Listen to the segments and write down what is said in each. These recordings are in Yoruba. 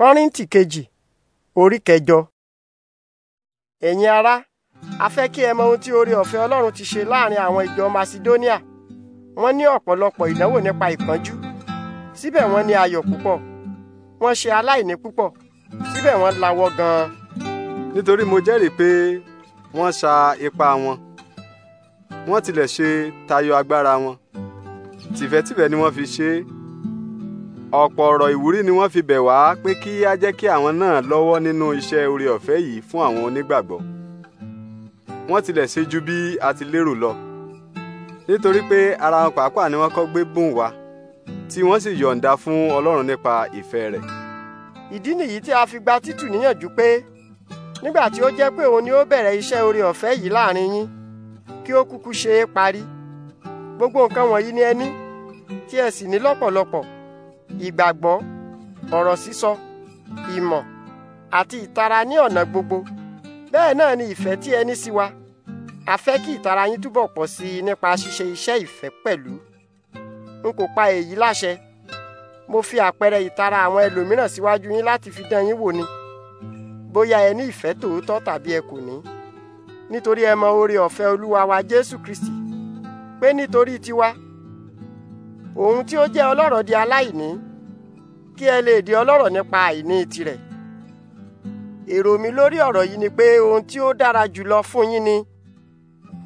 kọ́ríntì kejì orí kẹjọ. ẹ̀yin ará a fẹ́ kí ẹ mọ ohun tí oore ọ̀fẹ́ ọlọ́run ti ṣe láàrin àwọn ìjọ macedonia wọ́n ní ọ̀pọ̀lọpọ̀ ìdánwò nípa ìpọ́njú síbẹ̀ wọ́n ní ayọ̀ púpọ̀ wọ́n ṣe aláìní púpọ̀ síbẹ̀ wọ́n lawọ́ gan-an. nítorí mo jẹ́rìí pé wọ́n sa ipá wọn wọ́n tilẹ̀ ṣe tayọ agbára wọn tìfẹ́tìfẹ́ ni wọ́n fi ṣe é ọ̀pọ̀ ọ̀rọ̀ ìwúrí ni wọ́n fi bẹ̀ wá pé kí á jẹ́ kí àwọn náà lọ́wọ́ nínú iṣẹ́ oore ọ̀fẹ́ yìí fún àwọn onígbàgbọ́ wọ́n tilẹ̀ ṣe ju bí a ti lérò lọ nítorí pé ara wọn pàápàá ni wọ́n kọ́ gbé bùn wa tí wọ́n sì yọ̀ǹda fún Ọlọ́run nípa ìfẹ́ rẹ̀. ìdí nìyí tí a fi gba Títù níyànjú pé nígbà tí ó jẹ́ pé òun ni ó bẹ̀rẹ̀ iṣẹ́ oore ọ̀fẹ́ yìí láàrin yín kí ó kúkú ṣe é parí gbogbo nǹkan wọ̀nyí ni ẹ tí ẹ sì ní lọ́pọ̀lọpọ̀ ìgbàgbọ́ ọ̀rọ̀ sísọ ìmọ̀ àti ìtara ní ọ̀nà gbogbo bẹ́ẹ̀ náà ni ìfẹ́ tí ẹ ní sí wa a fẹ́ kí ìtara yín túbọ̀ pọ̀ sí i nípa ṣíṣe iṣẹ́ ìfẹ́ pẹ̀lú n kò pa èyí láṣẹ mo fi àpẹẹrẹ ìtara àwọn ẹlòmíràn síwájú yín láti fi dán yín wò ni bóyá ẹ ní ìfẹ́ tòótọ́ tàbí ẹ kò ní nítorí ẹ mọ oore ọ̀fẹ́ olúwa wa jésù kristi pé nítorí tiwa òun tí ó jẹ́ ọlọ́rọ̀ di aláìní kí ẹ lè di ọlọ́rọ̀ nípa àìní tirẹ̀ èrò mi lórí ọ̀rọ̀ yìí ni pé ohun tí ó dára jùlọ fún yín ni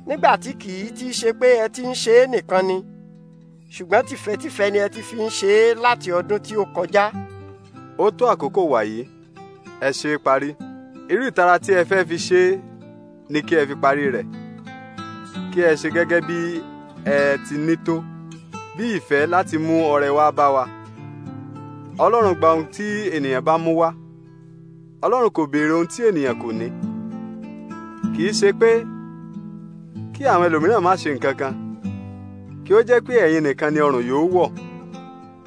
nígbà tí kì í ti ṣe pé ẹ ti ń ṣe é nìkan ni ṣùgbọ́n tìfẹ́tìfẹ́ ni ẹ ti fi ń ṣe é láti ọdún tí ó kọjá. ó tó àkókò wàyí ẹ ṣe é parí irú ìtara tí ẹ fẹ́ fi ṣe é ni kí ẹ fi parí rẹ̀ kí ẹ ṣe gẹ́gẹ́ bí ẹ ti ní tó bí ìfẹ́ láti mú ọrẹ wá bá wa ọlọ́run gba ohun tí ènìyàn bá mú wá ọlọ́run kò béèrè ohun tí ènìyàn kò ní kì í ṣe pé kí àwọn ẹlòmíràn má ṣe nǹkan kan kí ó jẹ́ pé ẹ̀yin nìkan ni ọrùn yóò wọ̀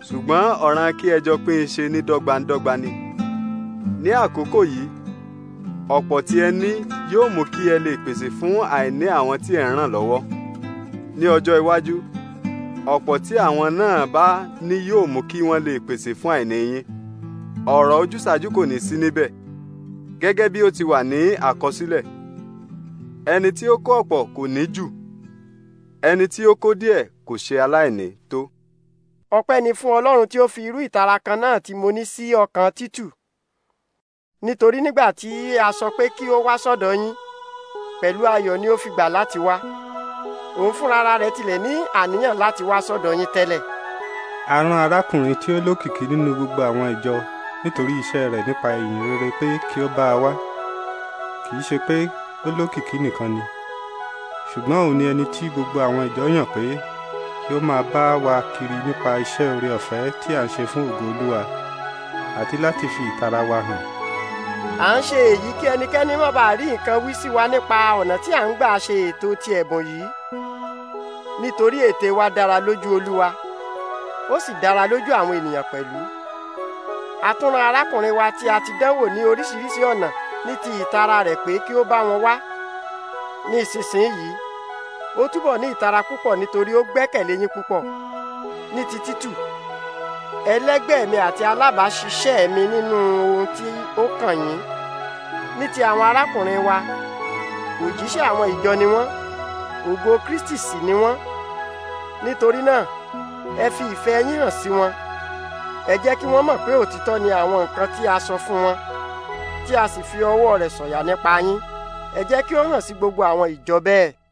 ṣùgbọ́n ọ̀ràn kí ẹ jọ pín in ṣe ní dọ́gbandọ́gba ni ní àkókò yìí ọ̀pọ̀ tí ẹ ní yóò mú kí ẹ lè pèsè fún àìní àwọn tí ẹ ń ràn lọ́wọ́ ní ọjọ́ iwájú ọ̀pọ̀ tí àwọn náà bá ní yóò mú kí wọ́n lè pèsè fún àìní yín ọ̀rọ̀ ojúsàájú kò ní sí níbẹ̀ gẹ́gẹ́ bí ó ti wà ní àkọsílẹ̀ ẹni tí ó kó ọ̀pọ̀ kò ní jù ẹni tí ó kó díẹ̀ kò ṣe aláìní tó. ọpẹ́ ni fún ọlọ́run tí ó fi irú ìtara kan náà tí mo ní sí ọkàn títù nítorí nígbà tí a sọ pé kí ó wá sọ́dọ̀ yín pẹ̀lú ayọ̀ ni ó fi gbà láti wá òun fúnra rẹ̀ tilẹ̀ ní àníyàn láti wá sọ́dọ̀ yín tẹ́lẹ̀. a arákùnrin tí ó lókìkí nínú gbogbo àwọn ìjọ nítorí iṣẹ́ rẹ̀ nípa ìyìn rere pé kí ó bá a wá kì í ṣe pé ó lókìkí nìkan ni ṣùgbọ́n òun ni ẹni tí gbogbo àwọn ìjọ yàn pé kí ó máa bá wa kiri nípa iṣẹ́ oore ọ̀fẹ́ tí à ń ṣe fún ògo olúwa àti láti fi ìtara wa hàn. à ń ṣe èyí kí ẹnikẹ́ni má bàa rí nǹkan wí sí wa nípa ọ̀nà tí à ń gbà ṣe ètò ti ẹ̀bùn yìí nítorí ète wa dára lójú Olúwa ó sì dára lójú àwọn ènìyàn pẹ̀lú a arákùnrin wa tí a ti dánwò ní oríṣiríṣi ọ̀nà ní ti ìtara rẹ̀ pé kí ó bá wọn wá ní ìsinsìnyí ó túbọ̀ ní ìtara púpọ̀ nítorí ó gbẹ́kẹ̀lé yín púpọ̀ ní ti Títù ẹlẹgbẹ́ mi àti alábàáṣiṣẹ́ mi nínú ohun tí ó kàn yín ní ti àwọn arákùnrin wa òjíṣẹ́ àwọn ìjọ ni wọ́n ògo Kristi sì ni wọ́n nítorí náà ẹ fi ìfẹ́ yín hàn sí wọn ẹ jẹ́ kí wọ́n mọ̀ pé òtítọ́ ni àwọn nǹkan tí a sọ fún wọn tí a sì fi ọwọ́ rẹ̀ sọ̀yà nípa yín ẹ jẹ́ kí ó hàn sí gbogbo àwọn ìjọ bẹ́ẹ̀.